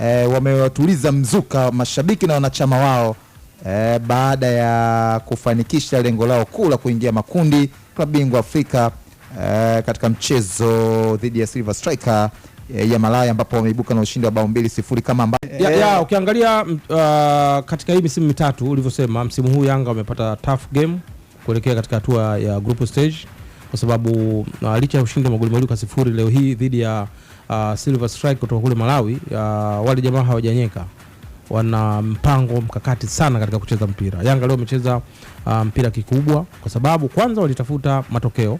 e, wamewatuliza mzuka mashabiki na wanachama wao e, baada ya kufanikisha lengo lao kuu la kuingia makundi klabu bingwa Afrika e, katika mchezo dhidi ya Silver Striker ya Malawi ambapo wameibuka na ushindi wa bao mbili sifuri kama ambavyo e, ya ukiangalia uh, katika hii misimu mitatu ulivyosema, msimu huu Yanga wamepata tough game kuelekea katika hatua ya group stage kwa sababu uh, licha ya ushindi wa magoli mawili kwa sifuri leo hii dhidi ya uh, Silver Strike kutoka kule Malawi uh, wale jamaa hawajanyeka, wana mpango mkakati sana katika kucheza mpira. Yanga leo wamecheza uh, mpira kikubwa, kwa sababu kwanza walitafuta matokeo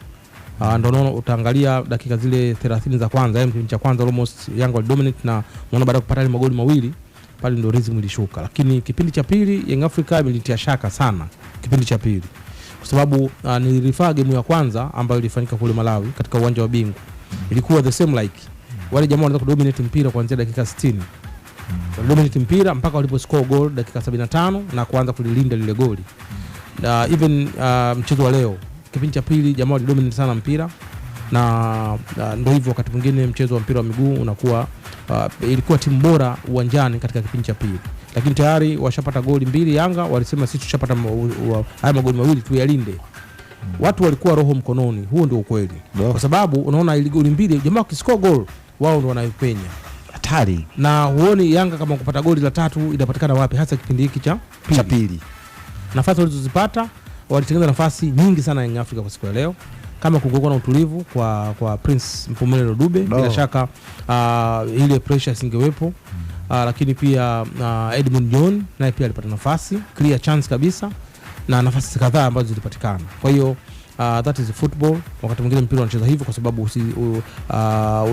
Uh, ndio utaangalia dakika zile 30 za kwanza, yani kipindi cha kwanza almost Yanga walidominate na unaona baada ya kupata ile magoli mawili pale ndio rhythm ilishuka, lakini kipindi cha pili Young Africa imenitia shaka sana kipindi cha pili kwa sababu uh, nilirifaa game ya kwanza ambayo ilifanyika kule Malawi katika uwanja wa Bingu, ilikuwa the same like wale jamaa wanataka kudominate mpira kuanzia dakika 60 mm. walidominate mpira mpaka waliposcore goal dakika 75 na kuanza kulilinda lile goli mm. uh, even uh, mchezo wa leo kipindi cha pili jamaa walidominate sana mpira na uh, ndio hivyo wakati mwingine mchezo wa mpira wa miguu unakuwa uh, ilikuwa timu bora uwanjani katika kipindi cha pili lakini tayari washapata goli mbili yanga walisema sisi tushapata haya magoli mawili tuyalinde mm. watu walikuwa roho mkononi huo ndio ukweli no. kwa sababu unaona goli mbili jamaa wakiskoa goal wao ndo wanayopenya hatari. Na huoni Yanga kama kupata goli la tatu inapatikana wapi, hasa kipindi hiki cha pili cha pili? Nafasi walizozipata walitengeneza nafasi nyingi sana Young Afrika kwa siku ya leo, kama kungekuwa na utulivu kwa kwa Prince Mpumelelo Dube no. bila shaka uh, ile pressure isingewepo mm. Uh, lakini pia uh, Edmund John naye pia alipata nafasi clear chance kabisa na nafasi kadhaa ambazo zilipatikana. Kwa hiyo uh, that is football. Wakati mwingine mpira unacheza hivyo kwa sababu usi,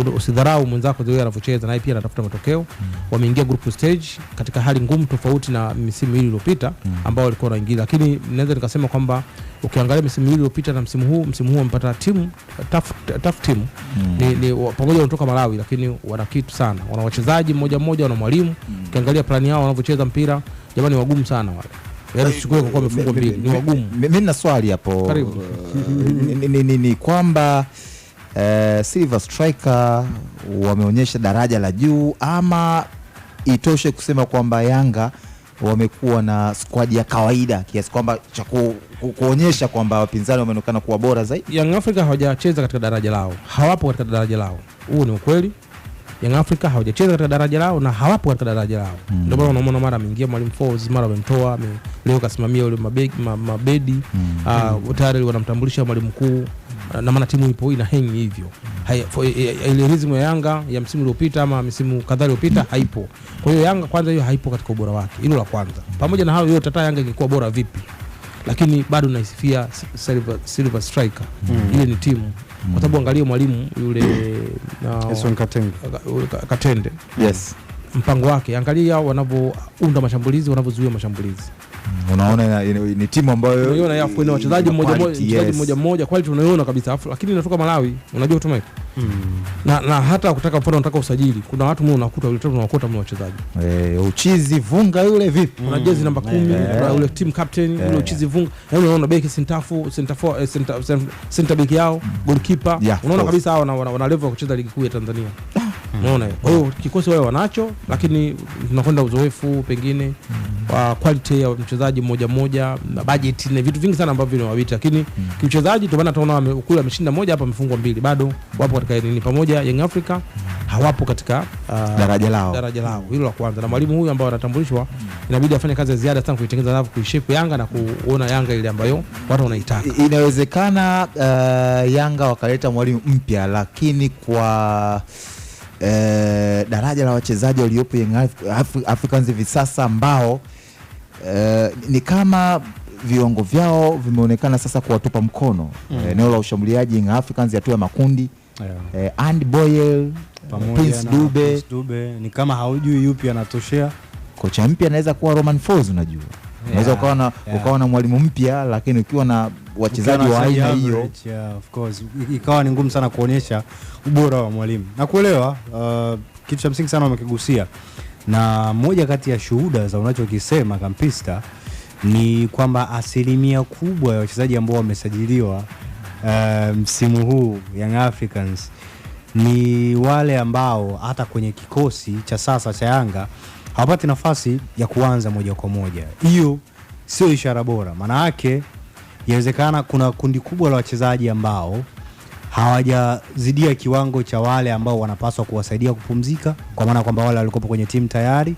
uh, usidharau mwenzako zile anavyocheza, naye pia anatafuta matokeo mm. Wameingia group stage katika hali ngumu tofauti na misimu hii iliyopita mm. ambao walikuwa wanaingia, lakini naweza nikasema kwamba ukiangalia misimu hii iliyopita na msimu huu, msimu huu wamepata timu tough, tough mm. ni, ni pamoja wanatoka Malawi, lakini wana kitu sana, wana wachezaji mmoja mmoja, wana mwalimu mm. Ukiangalia plani yao wanavyocheza mpira, jamani, wagumu sana wale. Yaani uchukulie kwa Mimi swali hapo, eh, ni kwamba eh, Silver Striker wameonyesha daraja la juu ama itoshe kusema kwamba Yanga wamekuwa na skwadi ya kawaida kiasi kwamba cha kuonyesha kwamba wapinzani wameonekana kuwa bora zaidi. Young Africa hawajacheza katika daraja lao, hawapo katika daraja lao, huu ni ukweli. Young Africa hawajacheza katika daraja lao na hawapo katika daraja lao mm. Ndio maana unaona mara ameingia mwalimu Folz, mara wamemtoa leo, kasimamia yule mabedi, mabedi mm. uh, ah, tayari wanamtambulisha mwalimu mkuu ah, na maana timu ipo ina hengi hivyo. E, e, e, ile rhythm ya Yanga ya msimu uliopita ama msimu kadhaa iliyopita haipo. Kwa hiyo Yanga kwanza hiyo haipo katika ubora wake, hilo la kwanza. Pamoja na hayo yote, hata Yanga ingekuwa bora vipi, lakini bado naisifia Silver Striker. Mm. Ile ni timu kwa sababu angalia mwalimu yule Katende, yes, mpango wake, angalia wanavyounda mashambulizi, wanavyozuia mashambulizi unaona ni timu ambayo unaona yafu kuna wachezaji mmoja mmoja mchezaji mmoja mmoja quality unaiona kabisa, afu lakini inatoka Malawi, unajua automatic mm. na na hata kutaka mfano unataka usajili, kuna watu mmoja unakuta yule tatu unakuta mmoja wachezaji eh, uchizi vunga yule vipi, mm. una jezi namba 10 na yule team captain yule eh. uchizi vunga, na yule unaona beki sintafu sintafu center center beki yao goalkeeper, yeah, unaona kabisa hao wana level ya kucheza ligi kuu ya Tanzania unaona. Kwa hiyo kikosi wao wanacho, lakini tunakwenda uzoefu pengine mm. wa quality ya mchezaji mmoja mmoja na budget na vitu vingi sana ambavyo vinawabita, lakini kiuchezaji ndio maana tunaona kule ameshinda moja hapa amefungwa mbili, bado wapo katika nini pamoja Young Africa hawapo katika uh, daraja lao daraja lao hilo la kwanza, na mwalimu huyu ambao anatambulishwa inabidi afanye kazi ya ziada sana kuitengeneza nafu kuishape Yanga na kuona Yanga ile ambayo watu wanaitaka. Inawezekana uh, Yanga wakaleta mwalimu mpya, lakini kwa eh, daraja la wachezaji waliopo Young Africans hivi sasa ambao eh, ni kama viwango vyao vimeonekana sasa kuwatupa mkono mm. eh, eneo la ushambuliaji Young Africans hatua ya makundi yeah. eh, Andy Boyle Prince Dube. Prince Dube ni kama haujui yupi anatoshea. Kocha mpya anaweza kuwa Roman Folz, unajua yeah. ukawa na yeah. mwalimu mpya, lakini ukiwa na wachezaji wa aina hiyo of course ikawa ni ngumu sana kuonyesha ubora wa mwalimu na kuelewa. Uh, kitu cha msingi sana wamekigusia, na moja kati ya shuhuda za unachokisema Kampista ni kwamba asilimia kubwa ya wachezaji ambao wamesajiliwa uh, msimu huu Young Africans ni wale ambao hata kwenye kikosi cha sasa cha Yanga hawapati nafasi ya kuanza moja kwa moja. Hiyo sio ishara bora, maana yake yawezekana kuna kundi kubwa la wachezaji ambao hawajazidia kiwango cha wale ambao wanapaswa kuwasaidia kupumzika, kwa maana kwamba wale walikopo kwenye timu tayari,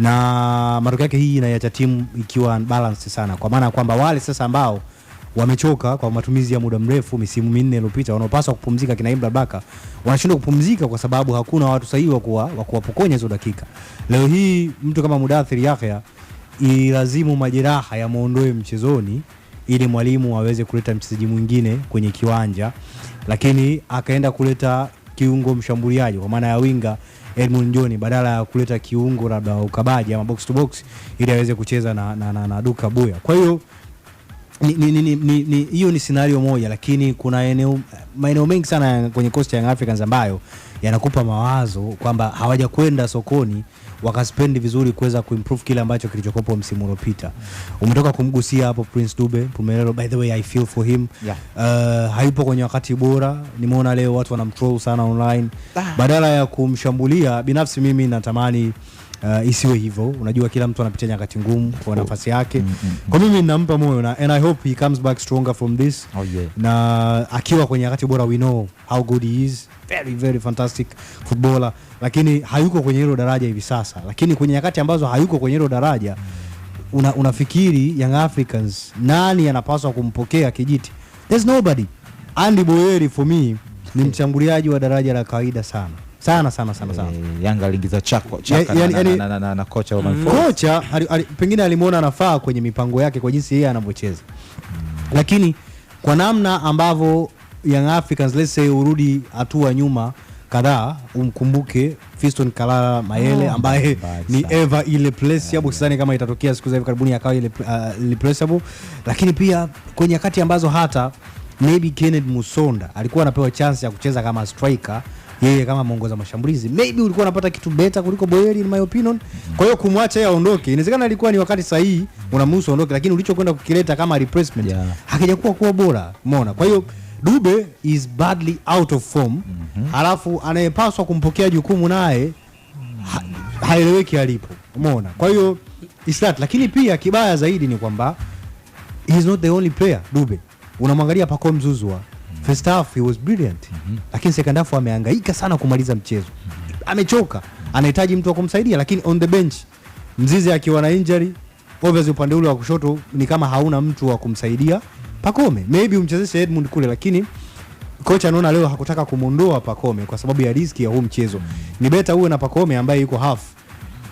na matokeo yake hii inaiacha timu ikiwa balance sana, kwa maana kwamba wale sasa ambao wamechoka kwa matumizi ya muda mrefu, misimu minne iliyopita, wanaopaswa kupumzika kina Ibra Baka wanashindwa kupumzika kwa sababu hakuna watu sahihi wa kuwapokonya hizo dakika. Leo hii mtu kama Mudathir Yahya ilazimu majeraha yamwondoe mchezoni ili mwalimu aweze kuleta mchezaji mwingine kwenye kiwanja, lakini akaenda kuleta kiungo mshambuliaji kwa maana ya winga Edmund John badala ya kuleta kiungo labda ukabaji ama box to box ili aweze kucheza na, na, na, na Duka Buya. Kwa hiyo hiyo ni, ni, ni, ni, ni, ni scenario moja, lakini kuna eneo, maeneo mengi sana kwenye Coast Young Africans ambayo yanakupa mawazo kwamba hawajakwenda sokoni wakaspendi vizuri kuweza kuimprove kile ambacho kilichokopo msimu uliopita. Umetoka kumgusia hapo Prince Dube Pumelelo, by the way I feel for him yeah. Uh, hayupo kwenye wakati bora, nimeona leo watu wanamtroll sana online ah. badala ya kumshambulia. Binafsi mimi natamani uh, isiwe hivyo. Unajua kila mtu anapitia nyakati ngumu kwa nafasi mm, yake. mm -hmm. Kwa mimi ninampa moyo na and I hope he comes back stronger from this. Oh, yeah. Na akiwa kwenye nyakati bora, we know how good he is, very very fantastic footballer, lakini hayuko kwenye hilo daraja hivi sasa, lakini kwenye nyakati ambazo hayuko kwenye hilo daraja una, unafikiri Young Africans nani anapaswa kumpokea kijiti? There's nobody. Andy Boyeri for me ni mchambuliaji wa daraja la kawaida sana sana sana sana sana. E, Yanga aliingiza chako chaka ya, ya, na, na, na, na, na kocha wa Manfors. Mm. Kocha ali, ali, pengine alimuona anafaa kwenye mipango yake kwa jinsi yeye anavyocheza. Mm. Lakini kwa namna ambavyo Young Africans let's say urudi hatua nyuma kadhaa umkumbuke Fiston Kalala Mayele oh, ambaye ni ever ile yeah, Sidhani kama itatokea siku za hivi karibuni akawa ile uh, placeable, lakini pia kwenye nyakati ambazo hata maybe Kenneth Musonda alikuwa anapewa chance ya kucheza kama striker yeye kama muongoza mashambulizi, maybe ulikuwa unapata kitu beta kuliko Boyeri in my opinion. Kwa hiyo kumwacha yeye aondoke, inawezekana alikuwa ni wakati sahihi, unamruhusu aondoke, lakini ulichokwenda kukileta kama replacement yeah. hakijakuwa kuwa bora, umeona. Kwa hiyo Dube is badly out of form mm -hmm. Halafu anayepaswa kumpokea jukumu naye ha haeleweki alipo, umeona. Kwa hiyo is that, lakini pia kibaya zaidi ni kwamba he is not the only player Dube. Unamwangalia Pacome Zouzoua First half he was brilliant. Mm -hmm. Lakini second half amehangaika sana kumaliza mchezo. Mm -hmm. Amechoka. Anahitaji mtu wa kumsaidia lakini on the bench Mzizi akiwa na injury obviously upande ule wa kushoto ni kama hauna mtu wa kumsaidia Pakome. Maybe umchezeshe Edmund kule lakini kocha anaona leo hakutaka kumondoa Pakome kwa sababu ya riski ya huu mchezo. Mhm. Ni beta uwe na Pakome ambaye yuko half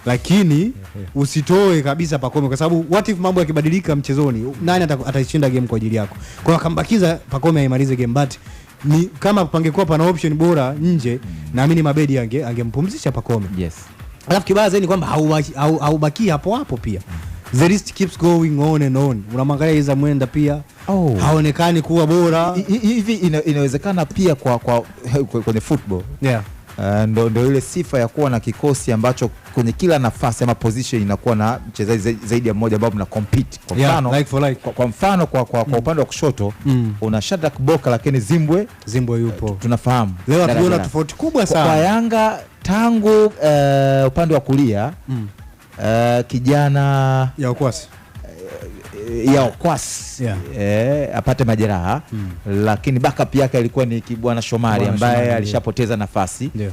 lakini usitoe kabisa pakome kwa sababu what if mambo yakibadilika mchezoni, nani ataishinda game kwa ajili yako? Kwa akambakiza pakome aimalize game but ni kama pangekuwa pana option bora nje, naamini Mabedi angempumzisha pakome Yes. Alafu kibaya zaidi ni kwamba haubaki hapo hapo pia. The list keeps going on and on. Unamwangalia Iza Mwenda pia oh, haonekani kuwa bora hivi. Inawezekana pia kwa, kwa, kwenye football yeah Eh, ndo, ndo ile sifa ya kuwa na kikosi ambacho kwenye kila nafasi ama position inakuwa na mchezaji zaidi ya mmoja ambao mna compete. Kwa mfano, yeah, like for like. Kwa, kwa mfano kwa, kwa, kwa mm. upande wa kushoto mm. una Shadrack Boka lakini Zimbwe Zimbwe yupo. Eh, tunafahamu. Leo tuliona tofauti kubwa sana. Kwa, kwa Yanga tangu uh, upande wa kulia mm. uh, kijana ya ukwasi ya Kwasi yeah. eh, apate majeraha mm. Lakini backup yake alikuwa ni Kibwana Shomari ambaye alishapoteza nafasi yeah.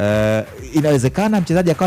eh, inawezekana mchezaji akawa